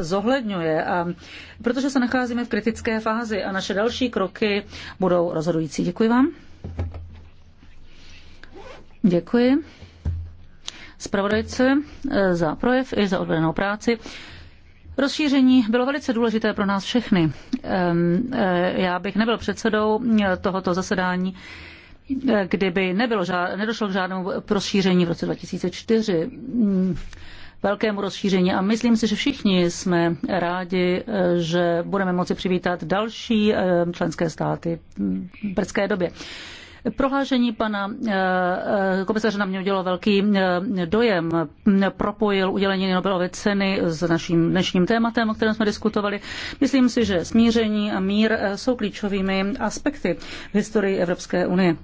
zohledňuje, protože se nacházíme v kritické fázi a naše další kroky budou rozhodující. Děkuji vám. Děkuji Spravodajce eh, za projev i za odvedenou práci. Rozšíření bylo velice důležité pro nás všechny. Eh, já bych nebyl předsedou eh, tohoto zasedání, kdyby nebylo, nedošlo k žádnému rozšíření v roce 2004 velkému rozšíření a myslím si, že všichni jsme rádi, že budeme moci přivítat další eh, členské státy v brzké době. Prohlášení pana eh, eh, komisaře na mě udělalo velký dojem. Propojil udělení Nobelovy ceny s naším dnešním tématem, o kterém jsme diskutovali. Myslím si, že smíření a mír jsou klíčovými aspekty v historii Evropské unie.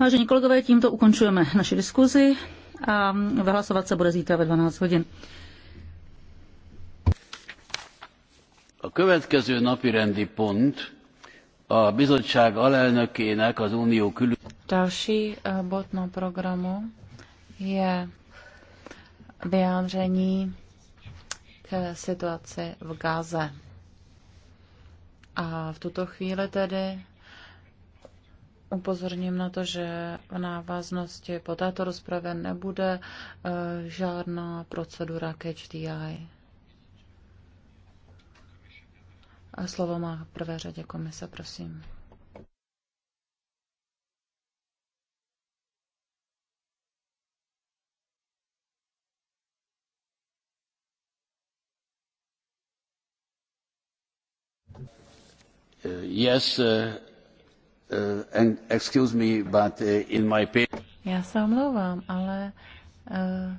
Vážení kolegové, tímto ukončujeme naši diskuzi a vyhlasovat se bude zítra ve 12 hodin. A következő napi rendi pont a bizottság alelnökének az unió külön... Další eh, bod na programu je vyjádření k situaci v Gáze. A v tuto chvíli tedy Upozorním na to, že v návaznosti po této rozpravě nebude e, žádná procedura catch A slovo má v prvé řadě komise, prosím. Yes, uh... Eh, excuse me, but eh, in my Já se omlouvám, ale eh,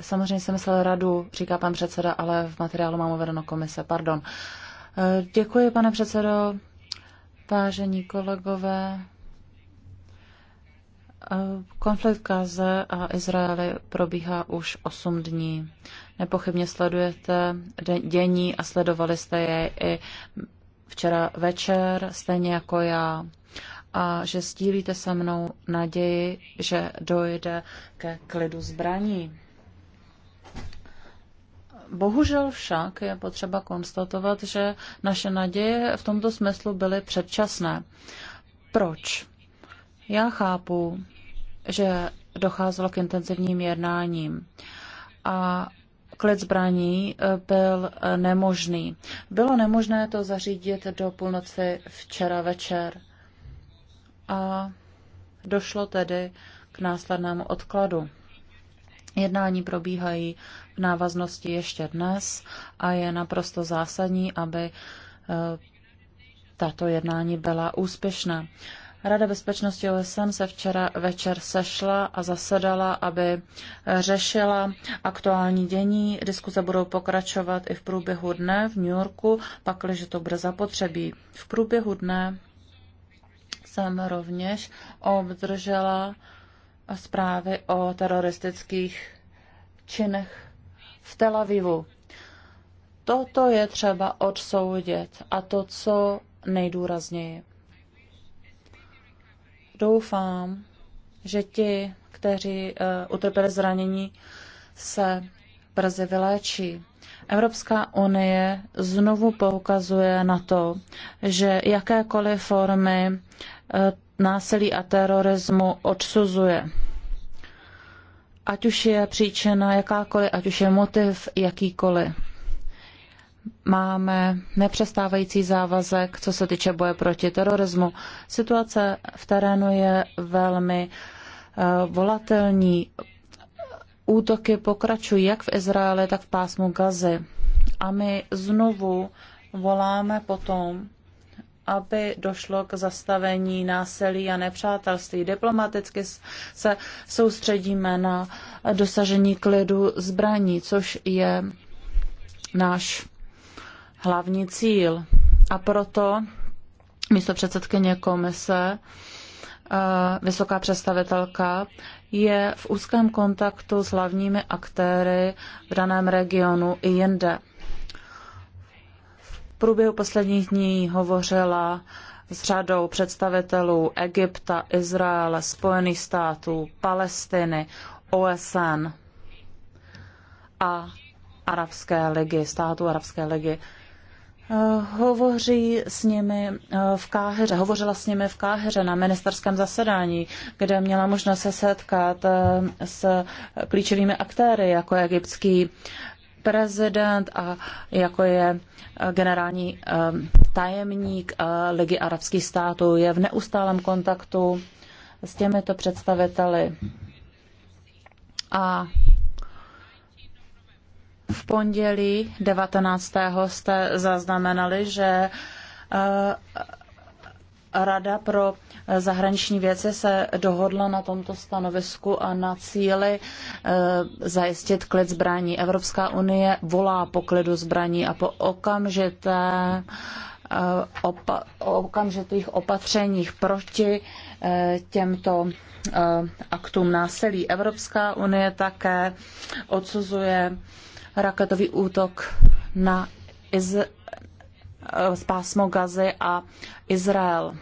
samozřejmě jsem myslel radu, říká pan předseda, ale v materiálu mám uvedeno komise, pardon. Děkuji, pane předsedo, vážení kolegové. Konflikt Káze a Izraeli probíhá už 8 dní. Nepochybně sledujete dění a sledovali jste je i včera večer, stejně jako já, a že sdílíte se mnou naději, že dojde ke klidu zbraní. Bohužel však je potřeba konstatovat, že naše naděje v tomto smyslu byly předčasné. Proč? Já chápu, že docházelo k intenzivním jednáním a klid zbraní eh, byl eh, nemožný. Bylo nemožné to zařídit do půlnoci včera večer. A došlo tedy k následnému odkladu. Jednání probíhají v návaznosti ještě dnes a je naprosto zásadní, aby eh, tato jednání byla úspěšná. Rada bezpečnosti OSN se včera večer sešla a zasedala, aby řešila aktuální dění. Diskuze budou pokračovat i v průběhu dne v New Yorku, pakliže to bude zapotřebí. V průběhu dne jsem rovněž obdržela zprávy o teroristických činech v Tel Avivu. Toto je třeba odsoudit a to, co nejdůrazněji doufám, že ti, kteří uh, utrpěli zranění, se brzy vyléčí. Evropská unie znovu poukazuje na to, že jakékoliv formy uh, násilí a terorismu odsuzuje. Ať už je příčina jakákoliv, ať už je motiv jakýkoliv máme nepřestávající závazek, co se týče boje proti terorismu. Situace v terénu je velmi eh, volatelní. Útoky pokračují jak v Izraeli, tak v pásmu Gazy. A my znovu voláme potom, aby došlo k zastavení násilí a nepřátelství. Diplomaticky se soustředíme na dosažení klidu zbraní, což je náš hlavní cíl. A proto místo předsedkyně komise, eh, vysoká představitelka, je v úzkém kontaktu s hlavními aktéry v daném regionu i jinde. V průběhu posledních dní hovořila s řadou představitelů Egypta, Izraele, Spojených států, Palestiny, OSN a Arabské ligy, států Arabské ligy. Eh, hovoří s nimi eh, v Káheře, hovořila s nimi v Káheře na ministerském zasedání, kde měla možnost se setkat eh, s klíčovými aktéry, jako je egyptský prezident a jako je generální tajemník Ligy arabských států, je v neustálém kontaktu s těmito představiteli. A v pondělí 19. jste zaznamenali, že eh, Rada pro zahraniční věci se dohodla na tomto stanovisku a na cíli eh, zajistit klid zbraní. Evropská unie volá po klidu zbraní a po okamžité eh, o okamžitých opatřeních proti těmto aktům násilí. Evropská unie také odsuzuje raketový útok na Iz... z pásmo Gazy a Izrael.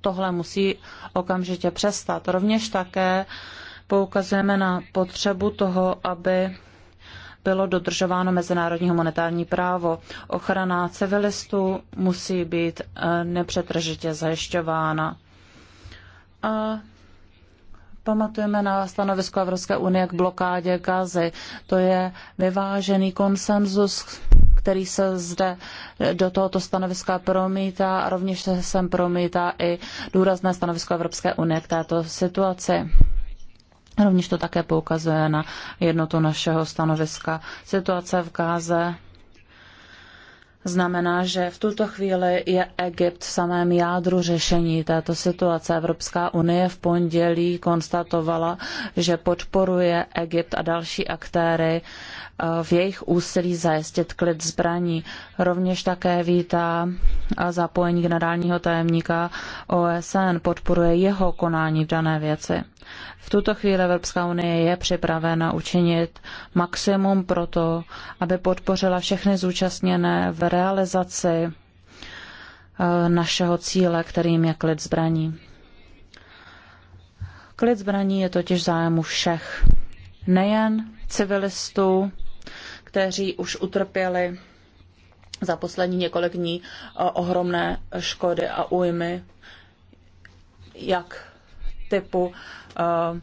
Tohle musí okamžitě přestat. Rovněž také poukazujeme na potřebu toho, aby bylo dodržováno mezinárodní humanitární právo. Ochrana civilistů musí být eh, nepřetržitě zajišťována. A pamatujeme na stanovisko Evropské unie k blokádě Gazy. To je vyvážený konsenzus, který se zde do tohoto stanoviska promítá a rovněž se sem promítá i důrazné stanovisko Evropské unie k této situaci. Rovněž to také poukazuje na jednotu našeho stanoviska. Situace v Gáze znamená, že v tuto chvíli je Egypt v samém jádru řešení této situace. Evropská unie v pondělí konstatovala, že podporuje Egypt a další aktéry eh, v jejich úsilí zajistit klid zbraní. Rovněž také vítá eh, zapojení generálního tajemníka OSN, podporuje jeho konání v dané věci. V tuto chvíli Evropská unie je připravena učinit maximum pro to, aby podpořila všechny zúčastněné v realizaci eh, našeho cíle, kterým je klid zbraní. Klid zbraní je totiž zájmu všech, nejen civilistů, kteří už utrpěli za poslední několik dní eh, ohromné škody a újmy, jak typu Eh,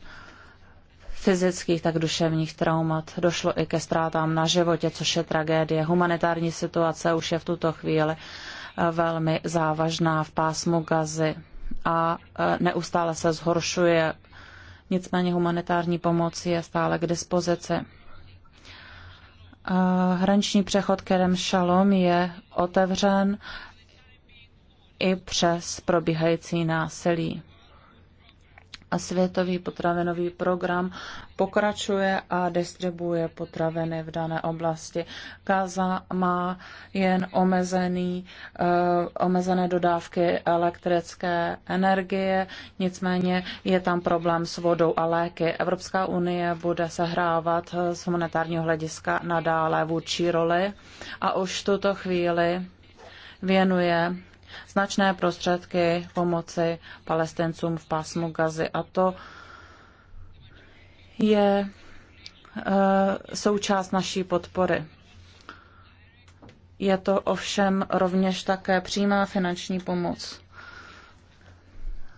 fyzických, tak duševních traumat. Došlo i ke ztrátám na životě, což je tragédie. Humanitární situace už je v tuto chvíli eh, velmi závažná v pásmu Gazy a eh, neustále se zhoršuje. Nicméně humanitární pomoc je stále k dispozici. Hraniční přechod Kerem Shalom je otevřen i přes probíhající násilí. A světový potravinový program pokračuje a distribuje potraviny v dané oblasti. Gaza má jen omezený, uh, omezené dodávky elektrické energie, nicméně je tam problém s vodou a léky. Evropská unie bude sehrávat eh, z monetárního hlediska nadále vůči roli a už tuto chvíli věnuje značné prostředky pomoci palestincům v pásmu Gazy. A to je eh, součást naší podpory. Je to ovšem rovněž také přímá finanční pomoc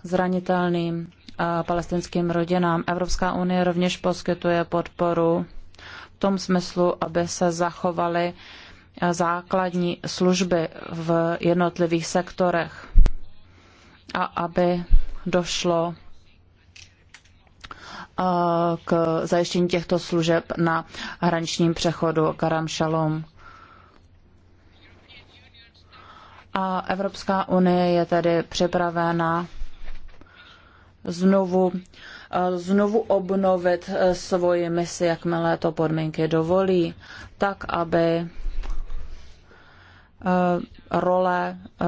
zranitelným eh, palestinským rodinám. Evropská unie rovněž poskytuje podporu v tom smyslu, aby se zachovaly základní služby v jednotlivých sektorech a aby došlo eh, k zajištění těchto služeb na hraničním přechodu Karam Shalom. A Evropská unie je tedy připravena znovu, eh, znovu obnovit eh, svoji misi, jakmile to podmínky dovolí, tak aby Eh, role eh,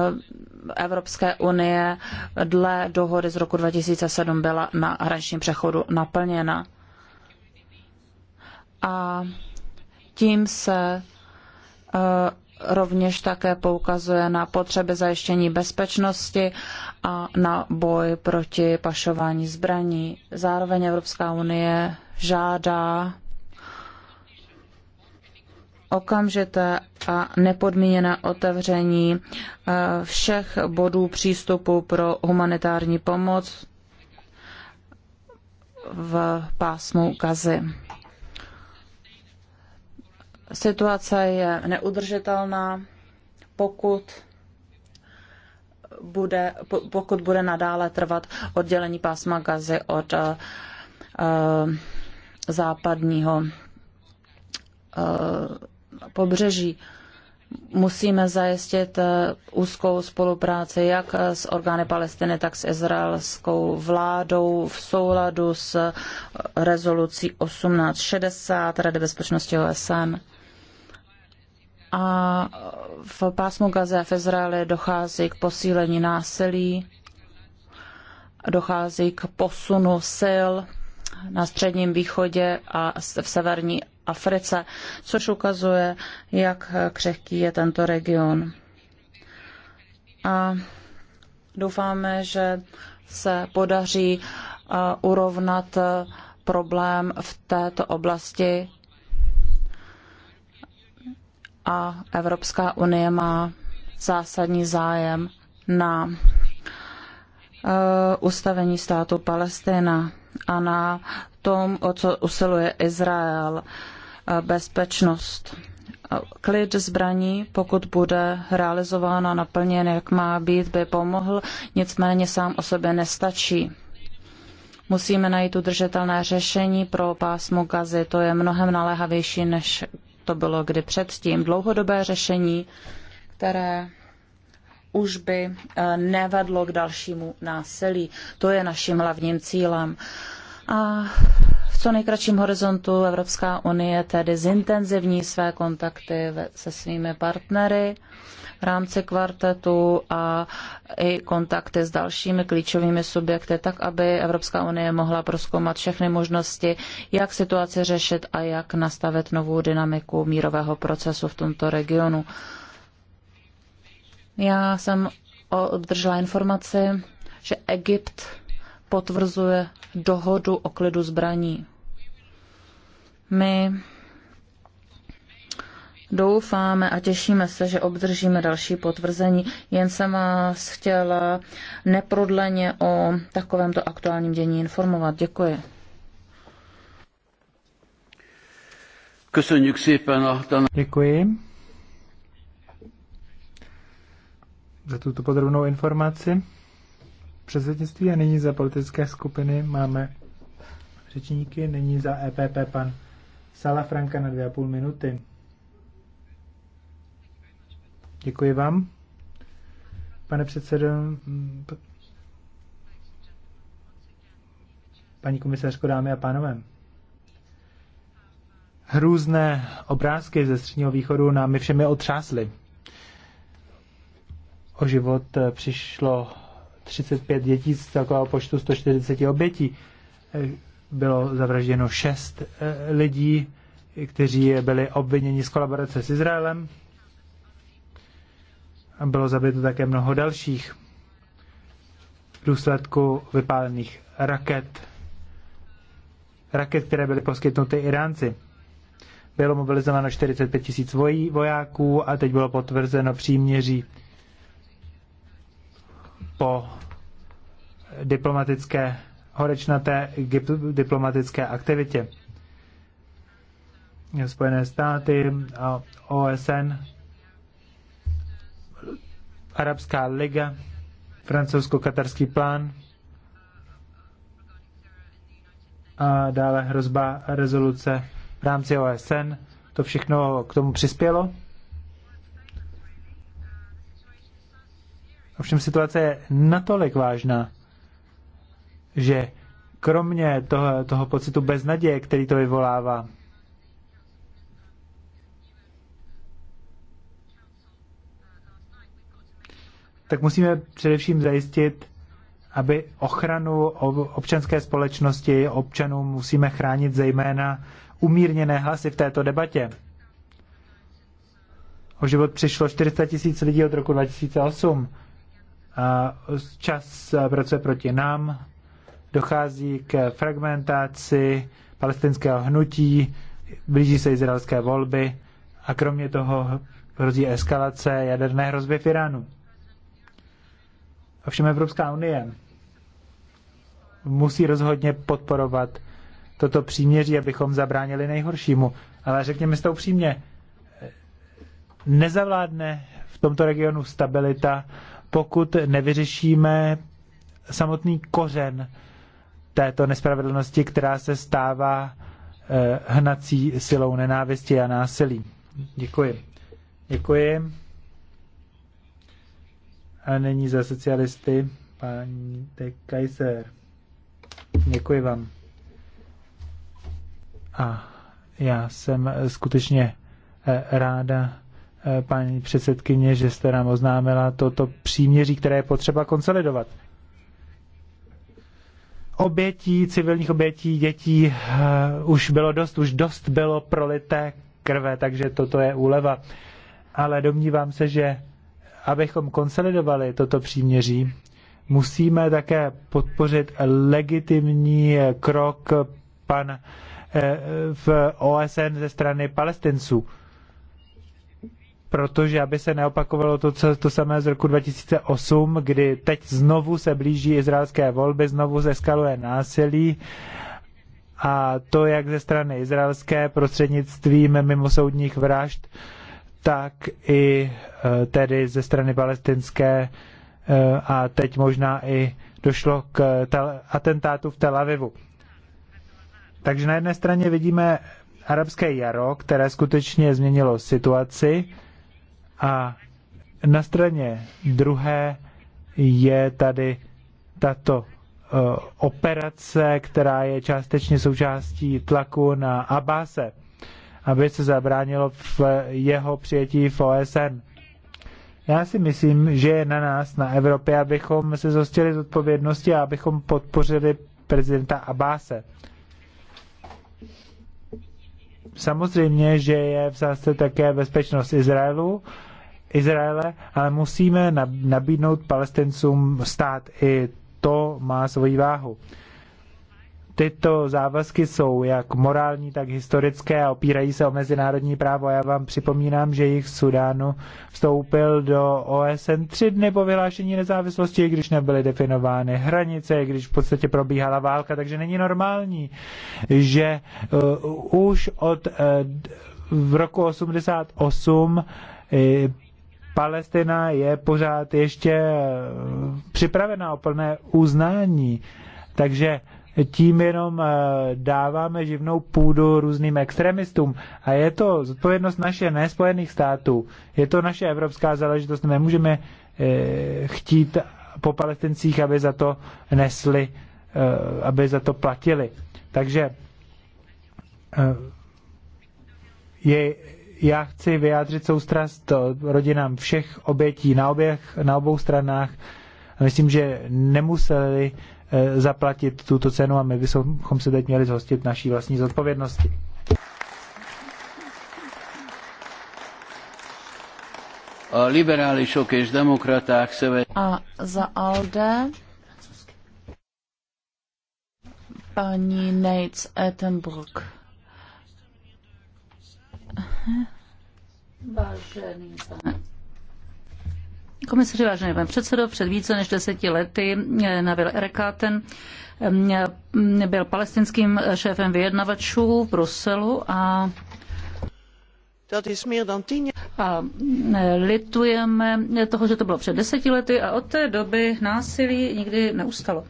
Evropské unie dle dohody z roku 2007 byla na hraničním přechodu naplněna. A tím se eh, rovněž také poukazuje na potřeby zajištění bezpečnosti a na boj proti pašování zbraní. Zároveň Evropská unie žádá okamžité a nepodmíněné otevření eh, všech bodů přístupu pro humanitární pomoc v pásmu Gazy. Situace je neudržitelná, pokud bude, pokud bude nadále trvat oddělení pásma Gazy od uh, západního uh, pobřeží. Musíme zajistit eh, úzkou spolupráci jak s orgány Palestiny, tak s izraelskou vládou v souladu s eh, rezolucí 1860 Rady bezpečnosti OSN. A v pásmu Gaze v Izraeli dochází k posílení násilí, dochází k posunu sil na Středním východě a v severní Africe, což ukazuje, jak křehký je tento region. A doufáme, že se podaří urovnat problém v této oblasti a Evropská unie má zásadní zájem na ustavení státu Palestina a na tom, o co usiluje Izrael bezpečnost. Klid zbraní, pokud bude realizována naplněn, jak má být, by pomohl, nicméně sám o sobě nestačí. Musíme najít udržitelné řešení pro pásmo gazy. To je mnohem naléhavější, než to bylo kdy předtím. Dlouhodobé řešení, které už by eh, nevedlo k dalšímu násilí. To je naším hlavním cílem. A v co nejkratším horizontu Evropská unie tedy zintenzivní své kontakty se svými partnery v rámci kvartetu a i kontakty s dalšími klíčovými subjekty, tak aby Evropská unie mohla proskoumat všechny možnosti, jak situaci řešit a jak nastavit novou dynamiku mírového procesu v tomto regionu. Já jsem obdržela informaci, že Egypt potvrzuje dohodu o klidu zbraní. My Doufáme a těšíme se, že obdržíme další potvrzení. Jen jsem vás chtěla neprodleně o takovémto aktuálním dění informovat. Děkuji. Děkuji za tuto podrobnou informaci předsednictví a nyní za politické skupiny máme řečníky, nyní za EPP pan Sala Franka na dvě a půl minuty. Děkuji vám. Pane předsedo, paní komisařko, dámy a pánové. Hrůzné obrázky ze Středního východu námi všemi otřásly. O život přišlo 35 dětí z celkového počtu 140 obětí. Eh, bylo zavražděno 6 eh, lidí, kteří byli obviněni z kolaborace s Izraelem. Bylo zabito také mnoho dalších v důsledku vypálených raket, raket, které byly poskytnuty Iránci bylo mobilizováno 45 tisíc vojáků a teď bylo potvrzeno příměří po diplomatické, horečnaté diplomatické aktivitě. Spojené státy a OSN, Arabská liga, francouzsko-katarský plán a dále hrozba rezoluce v rámci OSN. To všechno k tomu přispělo. Ovšem situace je natolik vážná, že kromě toho, toho pocitu beznaděje, který to vyvolává, tak musíme především zajistit, aby ochranu občanské společnosti občanů musíme chránit zejména umírněné hlasy v této debatě. O život přišlo 400 tisíc lidí od roku 2008 a čas pracuje proti nám, dochází k fragmentaci palestinského hnutí, blíží se izraelské volby a kromě toho hrozí eskalace jaderné hrozby v Iránu. Ovšem Evropská unie musí rozhodně podporovat toto příměří, abychom zabránili nejhoršímu. Ale řekněme si to upřímně, nezavládne v tomto regionu stabilita, pokud nevyřešíme samotný kořen této nespravedlnosti, která se stává eh, hnací silou nenávisti a násilí. Děkuji. Děkuji. A není za socialisty paní de Kaiser. Děkuji vám. A já jsem skutečně eh, ráda, Eh, paní předsedkyně, že jste nám oznámila toto příměří, které je potřeba konsolidovat. Obětí, civilních obětí, dětí eh, už bylo dost, už dost bylo prolité krve, takže toto je úleva. Ale domnívám se, že abychom konsolidovali toto příměří, musíme také podpořit legitimní krok pan eh, v OSN ze strany palestinců protože aby se neopakovalo to, co, to samé z roku 2008, kdy teď znovu se blíží izraelské volby, znovu zeskaluje násilí a to jak ze strany izraelské prostřednictvím mimosoudních vražd, tak i e, tedy ze strany palestinské e, a teď možná i došlo k atentátu v Tel Avivu. Takže na jedné straně vidíme arabské jaro, které skutečně změnilo situaci, a na straně druhé je tady tato eh, operace, která je částečně součástí tlaku na Abáse, aby se zabránilo v jeho přijetí v OSN. Já si myslím, že je na nás, na Evropě, abychom se zostili z odpovědnosti a abychom podpořili prezidenta Abáse. Samozřejmě, že je v zase také bezpečnost Izraelu, Izraele, ale musíme nabídnout palestincům stát. I to má svoji váhu. Tyto závazky jsou jak morální, tak historické a opírají se o mezinárodní právo. Já vám připomínám, že jich Sudánu vstoupil do OSN tři dny po vyhlášení nezávislosti, když nebyly definovány hranice, když v podstatě probíhala válka, takže není normální, že uh, už od uh, v roku 88 eh, Palestina je pořád ještě připravena o plné uznání. Takže tím jenom eh, dáváme živnou půdu různým extremistům. A je to zodpovědnost naše, nespojených států. Je to naše evropská záležitost. Nemůžeme eh, chtít po palestincích, aby za to nesli, eh, aby za to platili. Takže je, já chci vyjádřit soustrast rodinám všech obětí na, oběch, na obou stranách. Myslím, že nemuseli Eh, zaplatit tuto cenu a my bychom se teď měli zhostit naší vlastní zodpovědnosti. A liberálisok és demokraták A za ALDE paní Nates Ettenbrook. Vážený pane Komisaři, vážený pane předsedo, před více než deseti lety eh, Nabil Erekaten mm, eh, byl palestinským šéfem vyjednavačů v Bruselu a a eh, litujeme toho, že to bylo před deseti lety a od té doby násilí nikdy neustalo.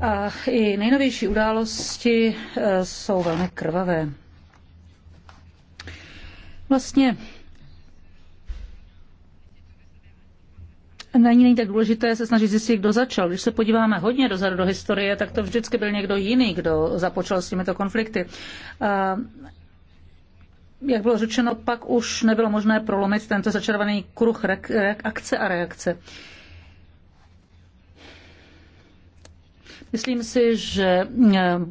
A i nejnovější události jsou velmi krvavé. Vlastně není, není tak důležité se snažit zjistit, kdo začal. Když se podíváme hodně dozadu do historie, tak to vždycky byl někdo jiný, kdo započal s těmito konflikty. A jak bylo řečeno, pak už nebylo možné prolomit tento začarovaný kruh akce a reakce. Myslím si, že e,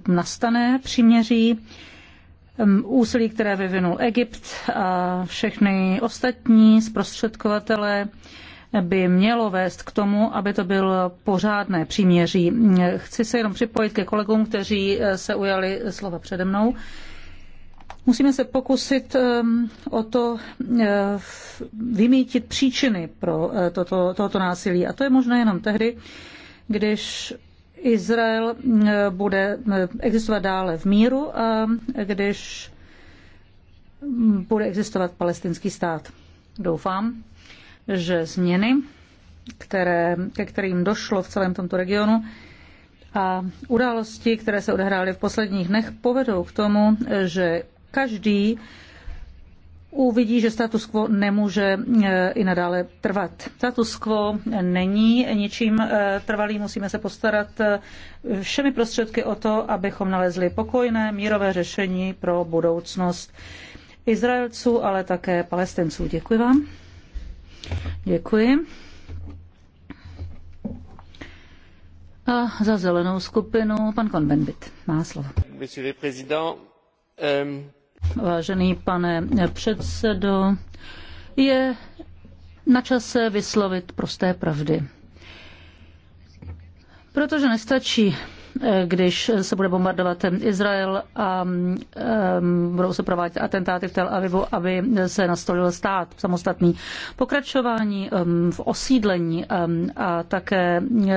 nastane příměří úsilí, které vyvinul Egypt a všechny ostatní zprostředkovatele by mělo vést k tomu, aby to bylo pořádné příměří. Chci se jenom připojit ke kolegům, kteří eh, se ujali slova přede mnou. Musíme se pokusit ehm, o to eh, vymítit příčiny pro eh, toto, tohoto násilí. A to je možné jenom tehdy, když Izrael bude existovat dále v míru a když mm, bude existovat palestinský stát. Doufám, že změny, které, ke kterým došlo v celém tomto regionu, a události, které se odehrály v posledních dnech, povedou k tomu, že každý uvidí, že status quo nemůže e, i nadále trvat. Status quo není ničím e, trvalý, musíme se postarat e, všemi prostředky o to, abychom nalezli pokojné mírové řešení pro budoucnost Izraelců, ale také Palestinců. Děkuji vám. Děkuji. A za zelenou skupinu pan Konvenbit má slovo. Euh, Vážený pane předsedo, je na čase vyslovit prosté pravdy. Protože nestačí když se bude bombardovat Izrael a budou se provádět atentáty v Tel Avivu, aby se nastolil stát samostatný. Pokračování v osídlení a také e,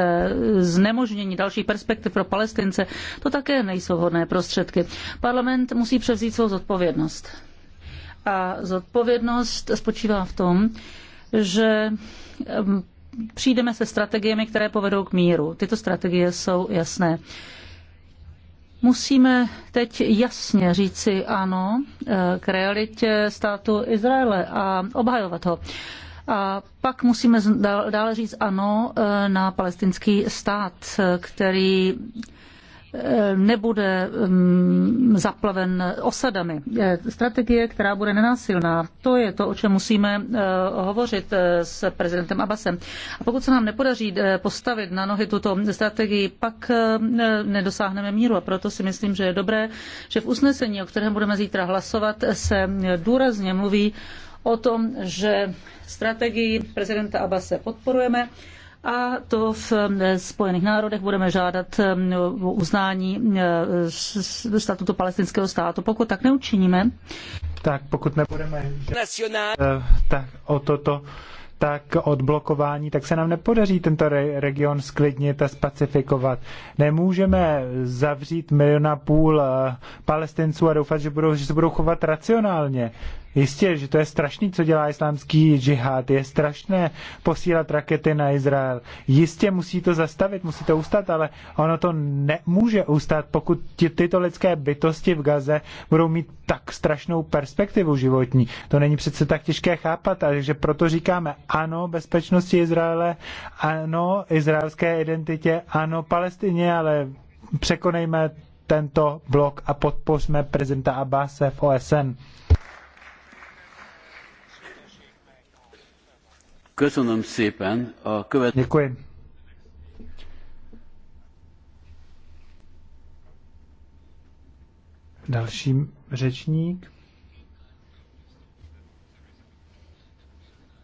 znemožnění dalších perspektiv pro Palestince, to také nejsou vhodné prostředky. Parlament musí převzít svou zodpovědnost. A zodpovědnost spočívá v tom, že přijdeme se strategiemi, které povedou k míru. Tyto strategie jsou jasné. Musíme teď jasně říci ano eh, k realitě státu Izraele a obhajovat ho. A pak musíme dále říct ano eh, na palestinský stát, eh, který Eh, nebude mm, zaplaven osadami. Strategie, která bude nenásilná, to je to, o čem musíme eh, hovořit eh, s prezidentem Abbasem. A pokud se nám nepodaří postavit na nohy tuto strategii, pak nedosáhneme míru. A proto si myslím, že je dobré, že v usnesení, o kterém budeme zítra hlasovat, se důrazně mluví o tom, že strategii prezidenta Abbase podporujeme a to v eh, Spojených národech budeme žádat eh, uznání eh, statutu palestinského státu. Pokud tak neučiníme, tak pokud nebudeme žádat, tak o toto tak odblokování, tak se nám nepodaří tento re- region sklidnit a spacifikovat. Nemůžeme zavřít miliona půl palestinců a doufat, že, budou, že se budou chovat racionálně. Jistě, že to je strašný, co dělá islámský džihad. Je strašné posílat rakety na Izrael. Jistě musí to zastavit, musí to ustat, ale ono to nemůže ustat, pokud ty, tyto lidské bytosti v Gaze budou mít tak strašnou perspektivu životní. To není přece tak těžké chápat, takže proto říkáme ano bezpečnosti Izraele, ano izraelské identitě, ano Palestině, ale překonejme tento blok a podpořme prezidenta Abase v OSN. Děkuji. Další řečník.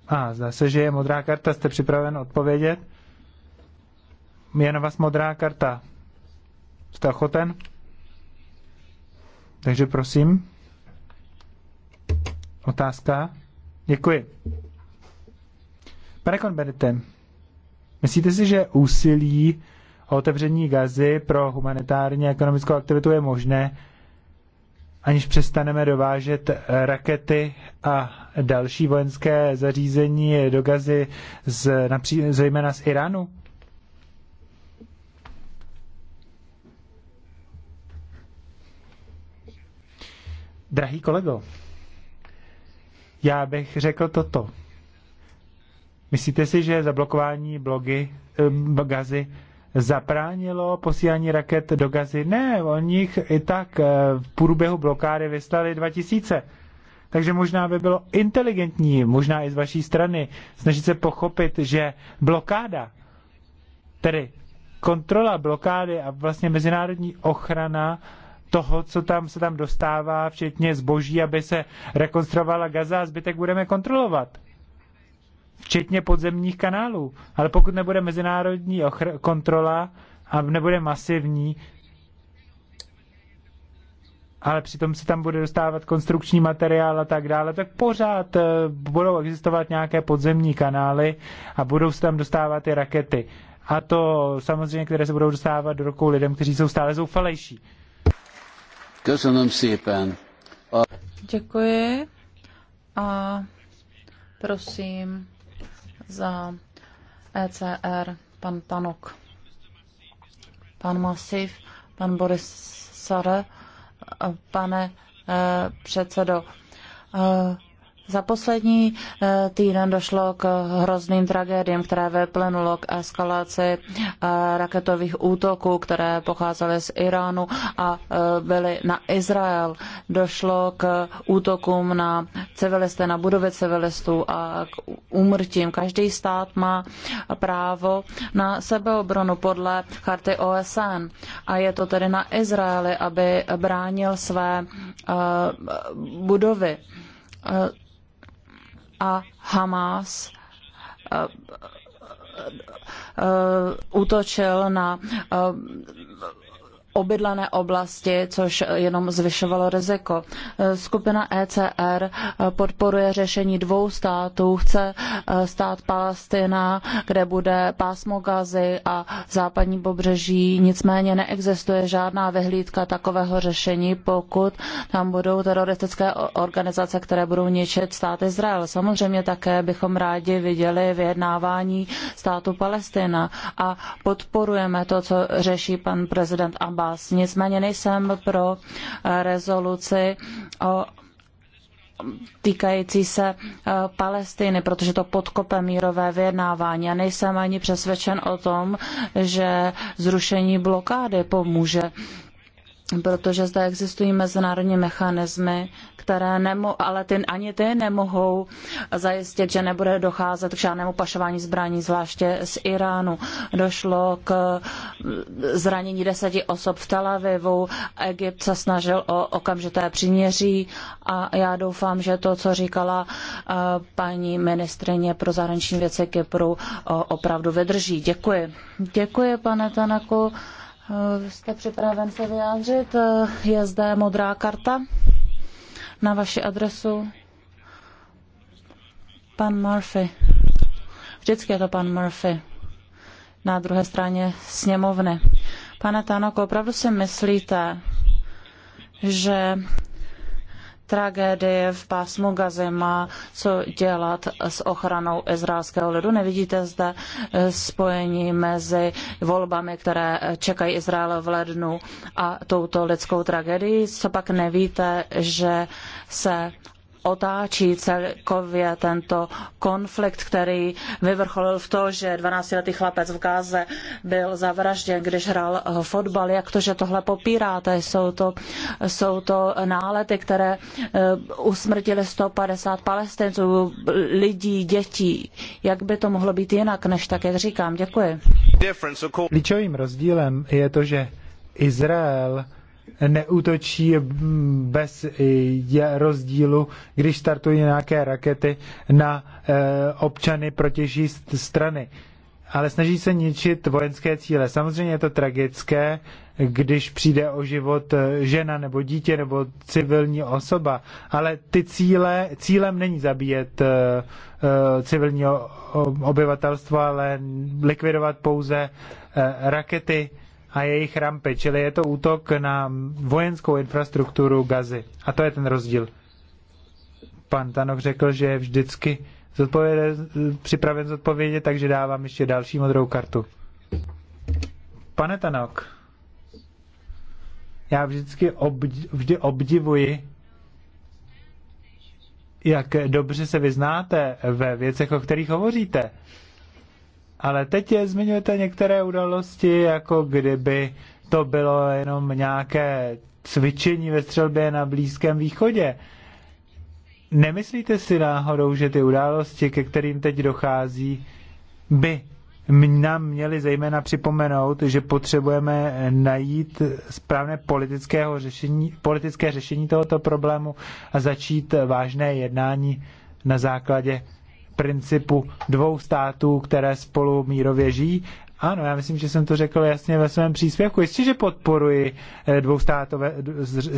A ah, zdá se, že je modrá karta. Jste připraven odpovědět? Je na vás modrá karta. Jste ochoten? Takže prosím. Otázka? Děkuji. Pane Konberte, myslíte si, že úsilí o otevření gazy pro humanitární a ekonomickou aktivitu je možné, aniž přestaneme dovážet eh, rakety a další vojenské zařízení do gazy, z, napří, zejména z Iránu? Drahý kolego, já bych řekl toto. Myslíte si, že zablokování blogy Gazy zapránilo posílání raket do Gazy? Ne, oni jich i tak eh, v průběhu blokády vyslali 2000. Takže možná by bylo inteligentní, možná i z vaší strany, snažit se pochopit, že blokáda, tedy kontrola blokády a vlastně mezinárodní ochrana toho, co tam se tam dostává, včetně zboží, aby se rekonstruovala Gaza a zbytek budeme kontrolovat včetně podzemních kanálů. Ale pokud nebude mezinárodní kontrola a nebude masivní, ale přitom se tam bude dostávat konstrukční materiál a tak dále, tak pořád eh, budou existovat nějaké podzemní kanály a budou se tam dostávat i rakety. A to samozřejmě, které se budou dostávat do rukou lidem, kteří jsou stále zoufalejší. Děkuji a prosím za ECR pan Tanok, pan Masiv, pan Boris Sare, pane eh, předsedo. Eh, za poslední eh, týden došlo k hrozným tragédiím, které vyplynulo k eskalaci eh, raketových útoků, které pocházely z Iránu a eh, byly na Izrael. Došlo k útokům na civilisty, na budovy civilistů a k úmrtím. Každý stát má právo na sebeobranu podle charty OSN a je to tedy na Izraeli, aby bránil své budovy a Hamas eh, eh, eh, útočil na obydlené oblasti, což jenom zvyšovalo riziko. Skupina ECR podporuje řešení dvou států. Chce eh, stát Palestina, kde bude pásmo Gazy a západní pobřeží. Nicméně neexistuje žádná vyhlídka takového řešení, pokud tam budou teroristické organizace, které budou ničit stát Izrael. Samozřejmě také bychom rádi viděli vyjednávání státu Palestina a podporujeme to, co řeší pan prezident Abbas hlas. Nicméně nejsem pro eh, rezoluci o týkající se eh, Palestiny, protože to podkope mírové vyjednávání. A nejsem ani přesvědčen o tom, že zrušení blokády pomůže protože zde existují mezinárodní mechanismy, které nemo, ale ty, ani ty nemohou zajistit, že nebude docházet k žádnému pašování zbraní, zvláště z Iránu. Došlo k zranění deseti osob v Tel Avivu, Egypt se snažil o okamžité příměří a já doufám, že to, co říkala eh, paní ministrině pro zahraniční věci Kypru, opravdu vydrží. Děkuji. Děkuji, pane Tanaku. Eh, jste připraven se vyjádřit? Eh, je zde modrá karta na vaši adresu. Pan Murphy. Vždycky je to pan Murphy na druhé straně sněmovny. Pane Tanoko, opravdu si myslíte, že tragédie v pásmu Gazy má co dělat s ochranou izraelského lidu. Nevidíte zde eh, spojení mezi volbami, které čekají Izrael v lednu a touto lidskou tragédií? Co pak nevíte, že se otáčí celkově tento konflikt, který vyvrcholil v to, že 12-letý chlapec v Gáze byl zavražděn, když hrál fotbal. Jak to, že tohle popíráte? Jsou to, jsou to nálety, které eh, usmrtily 150 palestinců, lidí, dětí. Jak by to mohlo být jinak, než tak, jak říkám? Děkuji. Klíčovým rozdílem je to, že Izrael neútočí bez eh, rozdílu, když startují nějaké rakety na eh, občany protěží strany. Ale snaží se ničit vojenské cíle. Samozřejmě je to tragické, když přijde o život eh, žena nebo dítě nebo civilní osoba, ale ty cíle, cílem není zabíjet civilní obyvatelstvo, ale likvidovat pouze rakety a jejich rampy, čili je to útok na vojenskou infrastrukturu Gazy. A to je ten rozdíl. Pan Tanok řekl, že je vždycky připraven zodpovědět, takže dávám ještě další modrou kartu. Pane Tanok, já vždycky obdiv, vždy obdivuji, jak dobře se vyznáte ve věcech, o kterých hovoříte. Ale teď je, zmiňujete některé události, jako kdyby to bylo jenom nějaké cvičení ve střelbě na Blízkém východě. Nemyslíte si náhodou, že ty události, ke kterým teď dochází, by nám měli zejména připomenout, že potřebujeme najít správné politického řešení, politické řešení tohoto problému a začít vážné jednání na základě principu dvou států, které spolu mírově žijí ano, já myslím, že jsem to řekl jasně ve svém příspěvku. Jistě, že podporuji eh, dvoustátové, eh,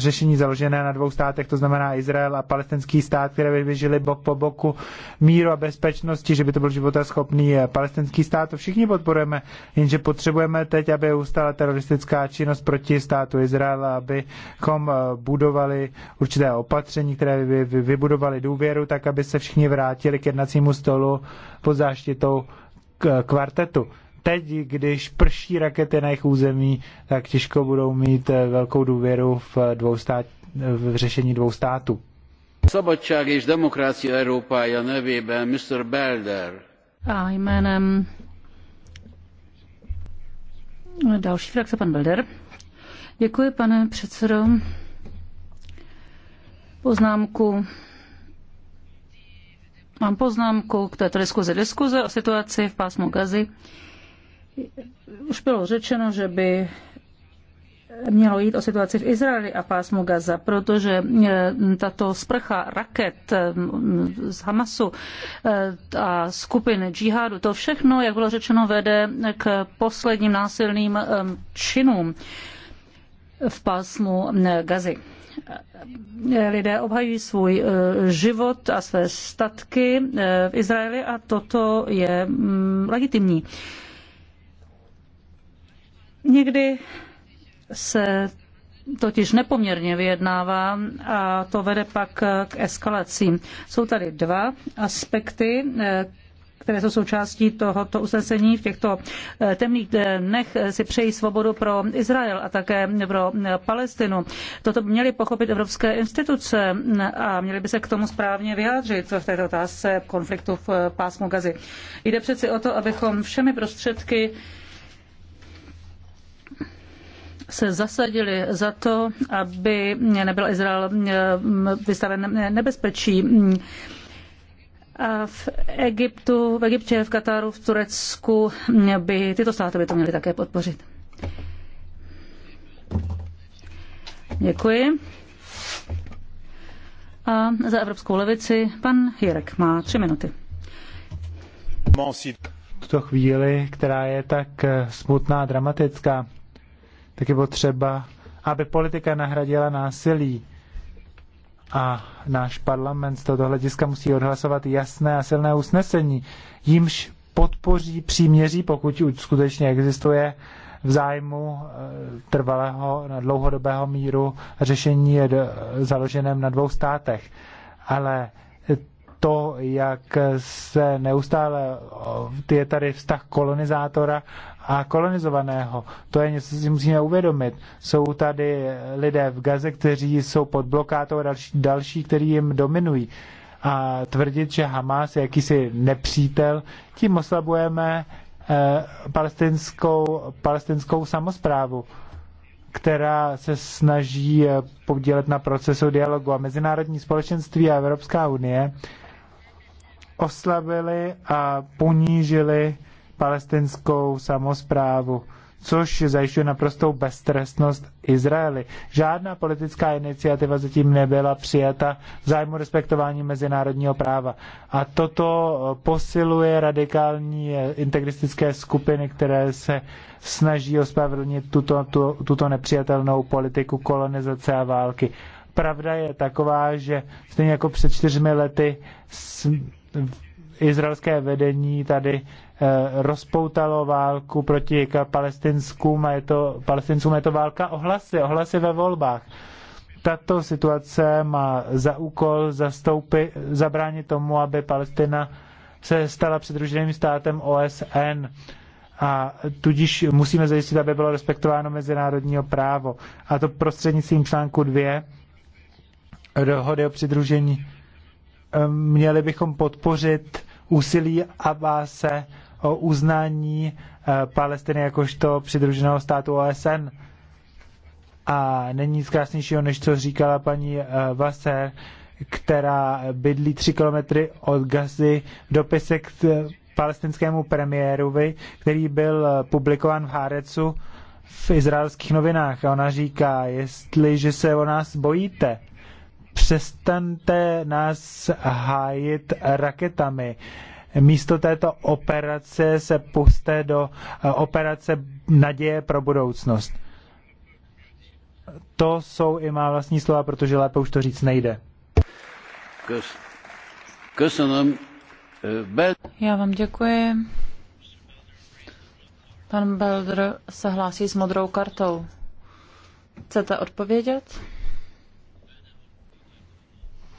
řešení založené na dvou státech, to znamená Izrael a palestinský stát, které by vyžili bok po boku míru a bezpečnosti, že by to byl životaschopný eh, palestinský stát. To všichni podporujeme, jenže potřebujeme teď, aby ustala teroristická činnost proti státu Izrael, abychom budovali určité opatření, které by vybudovali důvěru, tak aby se všichni vrátili k jednacímu stolu pod záštitou kvartetu teď, když prší rakety na jejich území, tak těžko budou mít eh, velkou důvěru v, dvou stát, v řešení dvou států. Szabadság és demokrácia Európája Mr. Belder. A jménem další frakce, pan Belder. Děkuji, pane předsedo. Poznámku Mám poznámku k této diskuzi. Diskuze o situaci v pásmu Gazy už bylo řečeno, že by mělo jít o situaci v Izraeli a pásmu Gaza, protože eh, tato sprcha raket eh, z Hamasu eh, a skupin džihadu, to všechno, jak bylo řečeno, vede k posledním násilným činům v pásmu Gazy. Lidé obhajují svůj život a své statky v Izraeli a toto je mm, legitimní. Někdy se totiž nepoměrně vyjednává a to vede pak k eskalacím. Jsou tady dva aspekty, které jsou součástí tohoto usnesení. V těchto eh, temných eh, dnech si přejí svobodu pro Izrael a také pro eh, Palestinu. Toto by měly pochopit evropské instituce mm, a měly by se k tomu správně vyjádřit v této otázce konfliktu v pásmu Gazy. Jde přeci o to, abychom všemi prostředky se zasadili za to, aby nebyl Izrael eh, vystaven nebezpečí. A v Egyptu, v Egyptě, v Kataru, v Turecku by tyto státy by to měly také podpořit. Děkuji. A za Evropskou levici pan Jirek má tři minuty. V tuto chvíli, která je tak eh, smutná, dramatická, tak je potřeba, aby politika nahradila násilí. A náš parlament z tohoto hlediska musí odhlasovat jasné a silné usnesení, jimž podpoří příměří, pokud skutečně existuje v zájmu eh, trvalého dlouhodobého míru řešení je založeném na dvou státech. Ale to, jak se neustále je tady vztah kolonizátora a kolonizovaného. To je něco, co si musíme uvědomit. Jsou tady lidé v Gaze, kteří jsou pod blokátou a další, další kteří jim dominují. A tvrdit, že Hamas je jakýsi nepřítel, tím oslabujeme eh, palestinskou, palestinskou samozprávu která se snaží eh, podílet na procesu dialogu a mezinárodní společenství a Evropská unie oslabili a ponížili palestinskou samozprávu, což zajišťuje naprostou beztrestnost Izraeli. Žádná politická iniciativa zatím nebyla přijata v zájmu respektování mezinárodního práva. A toto posiluje radikální integristické skupiny, které se snaží ospravedlnit tuto, tu, tuto nepřijatelnou politiku kolonizace a války. Pravda je taková, že stejně jako před čtyřmi lety s, izraelské vedení tady Eh, rozpoutalo válku proti palestinskům a je to, palestinskům je to válka o hlasy, o hlasy ve volbách. Tato situace má za úkol zastoupit, zabránit tomu, aby Palestina se stala přidruženým státem OSN a tudíž musíme zajistit, aby bylo respektováno mezinárodního právo. A to prostřednictvím článku 2 dohody o přidružení. Měli bychom podpořit úsilí Abáse o uznání eh, Palestiny jakožto přidruženého státu OSN. A není nic krásnějšího, než co říkala paní eh, Vaser, která bydlí tři kilometry od Gazy v dopise k eh, palestinskému premiérovi, který byl publikován v Hárecu v izraelských novinách. A ona říká, jestliže se o nás bojíte, přestante nás hájit raketami místo této operace se puste do eh, operace naděje pro budoucnost. To jsou i má vlastní slova, protože lépe už to říct nejde. Eh, Já vám děkuji. Pan Belder se hlásí s modrou kartou. Chcete odpovědět?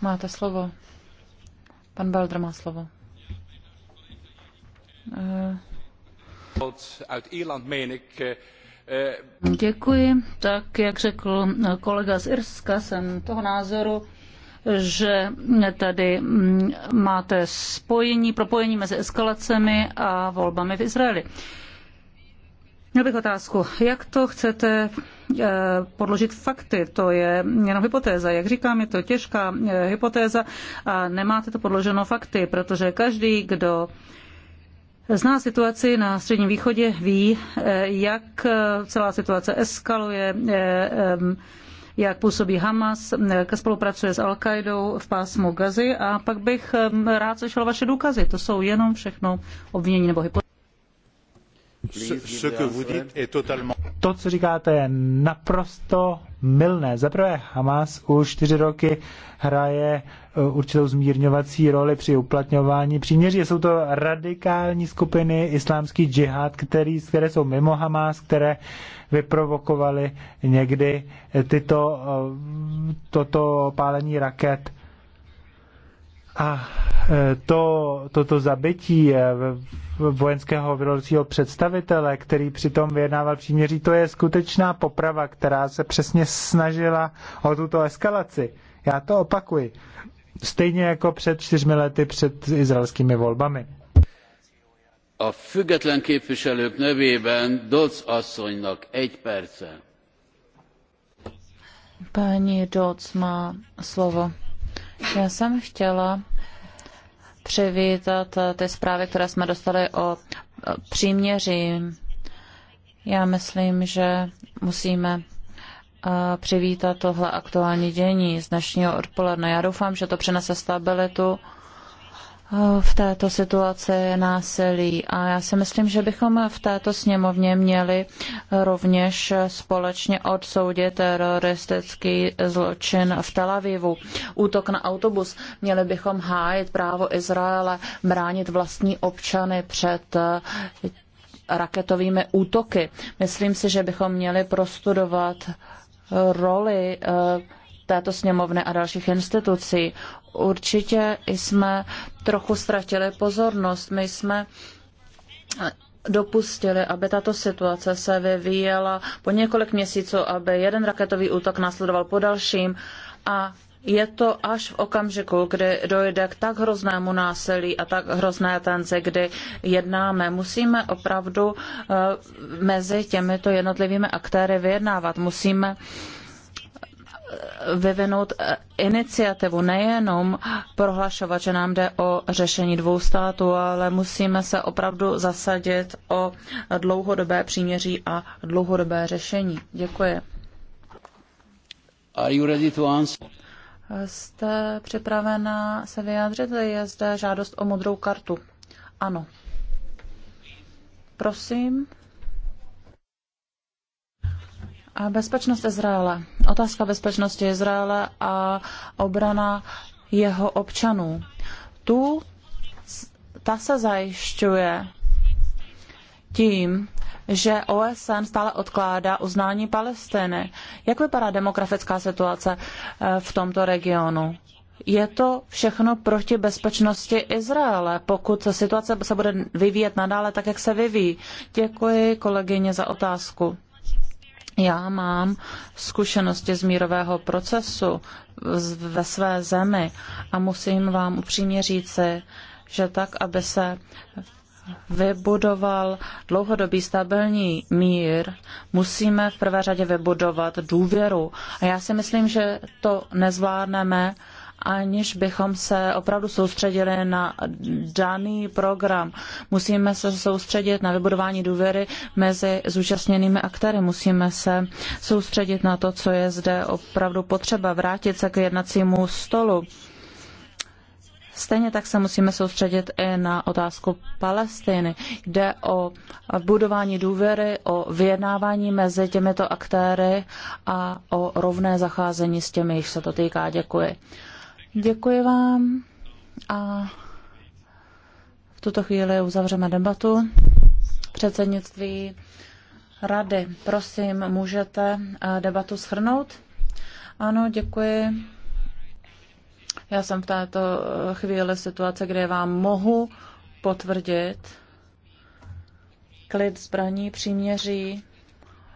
Máte slovo. Pan Belder má slovo. Eh, Děkuji. Tak, jak řekl eh, kolega z Irska, jsem toho názoru, že tady mm, máte spojení, propojení mezi eskalacemi a volbami v Izraeli. Měl bych otázku, jak to chcete eh, podložit fakty? To je jenom hypotéza. Jak říkám, je to těžká hypotéza a nemáte to podloženo fakty, protože každý, kdo Zná situaci na Středním východě, ví, eh, jak eh, celá situace eskaluje, eh, jak působí Hamas, spolupracuje s Al-Qaidou v pásmu Gazy a pak bych rád slyšel vaše důkazy. To jsou jenom všechno obvinění nebo hypotézy. To, co říkáte, je naprosto mylné. Zaprvé Hamas už čtyři roky hraje eh, určitou zmírňovací roli při uplatňování příměří. Jsou to radikální skupiny islámský džihad, který, které jsou mimo Hamas, které vyprovokovaly někdy eh, tyto, eh, toto pálení raket a e, to, toto zabití e, vojenského veloucího představitele, který přitom vyjednával příměří, to je skutečná poprava, která se přesně snažila o tuto eskalaci. Já to opakuji. Stejně jako před čtyřmi lety před izraelskými volbami. A független képviselők nevében Doc asszonynak egy perce. Pani Doc má slovo. Já jsem chtěla přivítat eh, ty zprávy, které jsme dostali o eh, příměří. Já myslím, že musíme eh, přivítat tohle aktuální dění z dnešního odpoledne. Já doufám, že to přinese stabilitu v této situaci násilí. A já si myslím, že bychom v této sněmovně měli rovněž společně odsoudit teroristický zločin v Tel Avivu. Útok na autobus. Měli bychom hájit právo Izraele bránit vlastní občany před eh, raketovými útoky. Myslím si, že bychom měli prostudovat roli eh, této sněmovny a dalších institucí. Určitě jsme trochu ztratili pozornost. My jsme dopustili, aby tato situace se vyvíjela po několik měsíců, aby jeden raketový útok následoval po dalším a je to až v okamžiku, kdy dojde k tak hroznému násilí a tak hrozné tence, kdy jednáme. Musíme opravdu eh, mezi těmito jednotlivými aktéry vyjednávat. Musíme vyvinout eh, iniciativu, nejenom prohlašovat, že nám jde o řešení dvou států, ale musíme se opravdu zasadit o dlouhodobé příměří a dlouhodobé řešení. Děkuji. Are you ready to answer? Jste připravena se vyjádřit? Je zde žádost o modrou kartu. Ano. Prosím. A bezpečnost Izraele. Otázka bezpečnosti Izraele a obrana jeho občanů. Tu ta se zajišťuje tím, že OSN stále odkládá uznání Palestiny. Jak vypadá demografická situace eh, v tomto regionu? Je to všechno proti bezpečnosti Izraele, pokud situace se bude vyvíjet nadále tak, jak se vyvíjí. Děkuji kolegyně za otázku. Já mám zkušenosti z mírového procesu ve své zemi a musím vám upřímně říci, že tak, aby se vybudoval dlouhodobý stabilní mír, musíme v prvé řadě vybudovat důvěru. A já si myslím, že to nezvládneme, aniž bychom se opravdu soustředili na daný program. Musíme se soustředit na vybudování důvěry mezi zúčastněnými aktéry. Musíme se soustředit na to, co je zde opravdu potřeba, vrátit se k jednacímu stolu. Stejně tak se musíme soustředit i na otázku Palestiny. Jde o budování důvěry, o vyjednávání mezi těmito aktéry a o rovné zacházení s těmi, již se to týká. Děkuji. Děkuji vám a v tuto chvíli uzavřeme debatu. Předsednictví rady, prosím, můžete eh, debatu shrnout? Ano, děkuji. Já jsem v této eh, chvíli situace, kde vám mohu potvrdit klid zbraní, příměří.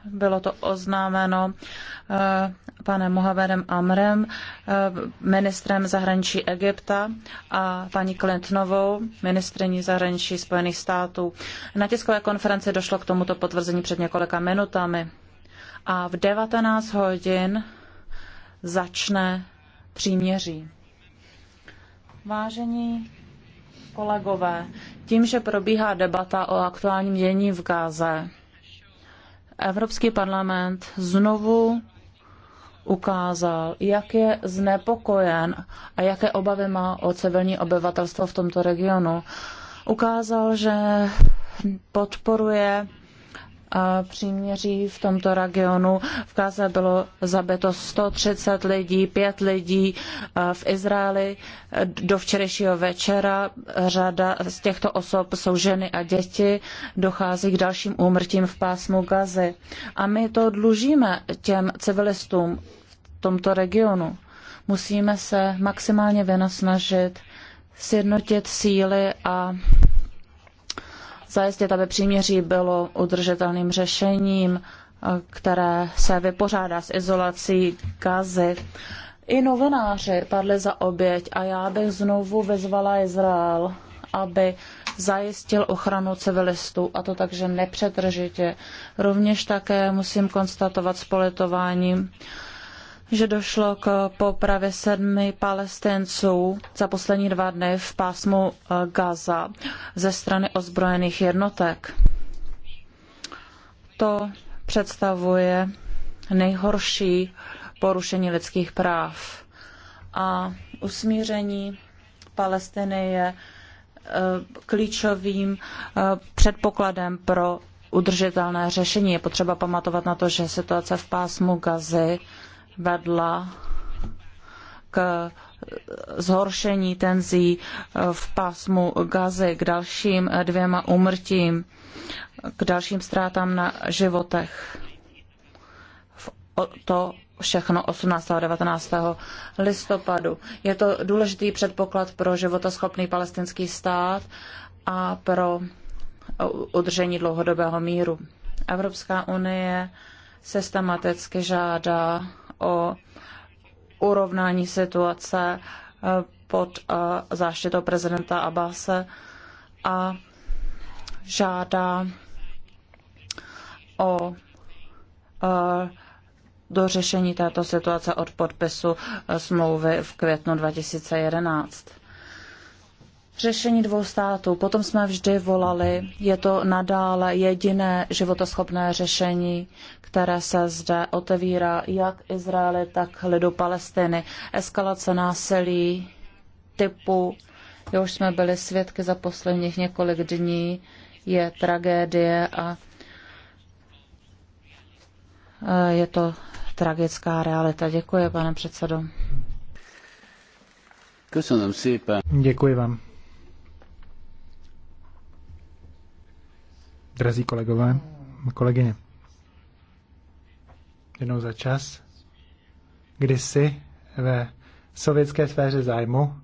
Bylo to oznámeno eh, panem Mohamedem Amrem, eh, ministrem zahraničí Egypta a paní Clintonovou, ministriní zahraničí Spojených států. Na tiskové konferenci došlo k tomuto potvrzení před několika minutami a v 19 hodin začne příměří. Vážení kolegové, tím, že probíhá debata o aktuálním dění v Gáze, Evropský parlament znovu ukázal, jak je znepokojen a jaké obavy má o civilní obyvatelstvo v tomto regionu. Ukázal, že podporuje a příměří v tomto regionu. V Gaze bylo zabito 130 lidí, 5 lidí v Izraeli do včerejšího večera. Řada z těchto osob jsou ženy a děti. Dochází k dalším úmrtím v pásmu Gazy. A my to dlužíme těm civilistům v tomto regionu. Musíme se maximálně vynasnažit, sjednotit síly a zajistit, aby příměří bylo udržitelným řešením, eh, které se vypořádá s izolací gazy. I novináři padli za oběť a já bych znovu vyzvala Izrael, aby zajistil ochranu civilistů a to takže nepřetržitě. Rovněž také musím konstatovat s politováním, že došlo k popravě sedmi palestinců za poslední dva dny v pásmu eh, Gaza ze strany ozbrojených jednotek. To představuje nejhorší porušení lidských práv. A usmíření Palestiny je eh, klíčovým eh, předpokladem pro udržitelné řešení. Je potřeba pamatovat na to, že situace v pásmu Gazy vedla k zhoršení tenzí v pásmu Gazy, k dalším dvěma úmrtím, k dalším ztrátám na životech. To všechno 18. a 19. listopadu. Je to důležitý předpoklad pro životaschopný palestinský stát a pro udržení dlouhodobého míru. Evropská unie systematicky žádá o urovnání situace eh, pod eh, záštitou prezidenta Abase a žádá o eh, dořešení této situace od podpisu smlouvy v květnu 2011. Řešení dvou států. Potom jsme vždy volali, je to nadále jediné životoschopné řešení, které se zde otevírá jak Izraeli, tak lidu Palestiny. Eskalace násilí typu, jehož jsme byli svědky za posledních několik dní, je tragédie a je to tragická realita. Děkuji, pane předsedo. Děkuji vám. Drazí kolegové, kolegyně jednou za čas, kdysi ve sovětské sféře zájmu